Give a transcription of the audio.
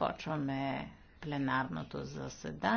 Почваме пленарното заседание.